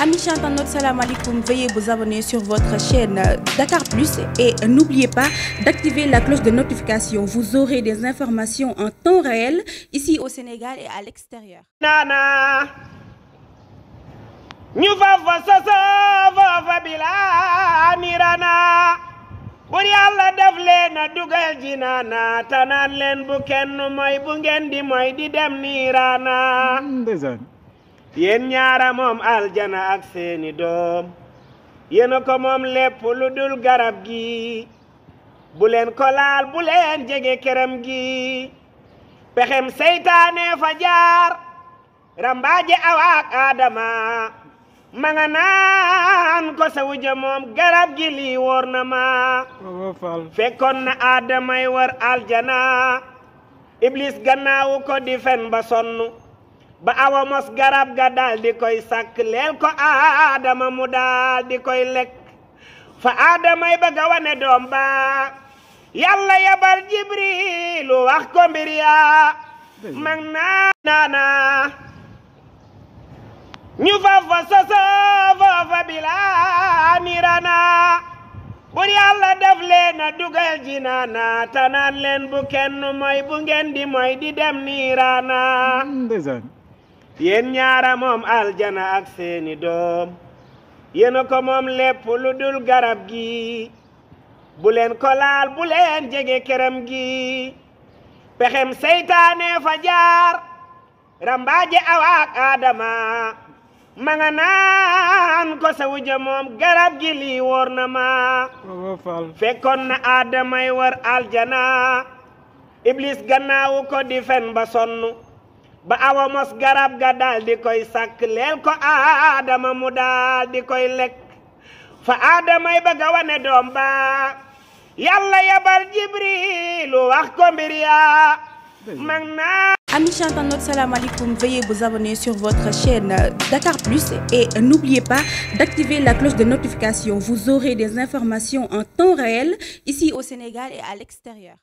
Amis chers internautes, salam alaikum. Veuillez abonner sur votre chaîne Dakar Plus et n'oubliez pas d'activer la cloche de notification. Vous aurez des informations en temps réel ici au Sénégal et à l'extérieur. Nana ñu fafa dugal ji naana tanaan leen bu kenn mooy bu ngeen di mooy di dem yéen ñaara moom aljana ak seeni doom yéena ko moom lépp lu dul garab gi bu kolaal ko laal bu jege këram gi pexem seytaane fa jaar rambaaje awaak aadama ma ko sa wujja moom garab gi lii na ma fekkoon na aadamay war aljana iblis gannaawu ko di fen ba sonn ba awa mos garab ga daal di koy sàkk ko aadama mu daal koy lekk fa aadamay bëgg a wane doom ba yàlla yabal jibrilu wax ko mbir yaa naana ñu fafa soso fafa bilaa nirana bur def leen a dugal ji tanaan leen bu kenn mooy bu ngeen di mooy di dem niiraana hmm, yéen ñaara moom aljana ak seeni doom yéena ko moom lépp lu dul garab gi bu kolaal ko laal bu jege këram gi pexem seytaane fa jaar rambaaje awa ak aadama ma ko sa wuja moom garab gi lii wóor na ma fekkoon na aadamay war aljana iblis gannaawu ko di fen ba sonn ba awa garab ga daal di koy sàkk leel ko aadama mu daal di koy lekk fa aadamay bëgg a wane doom ba yàlla yabal jibrilu wax ko mbir yaa mag naa Amis chers internautes, salam alaikum. abonner sur votre chaîne Dakar Plus et n'oubliez pas d'activer la cloche de notification. Vous aurez des informations en temps réel ici au Sénégal et à l'extérieur.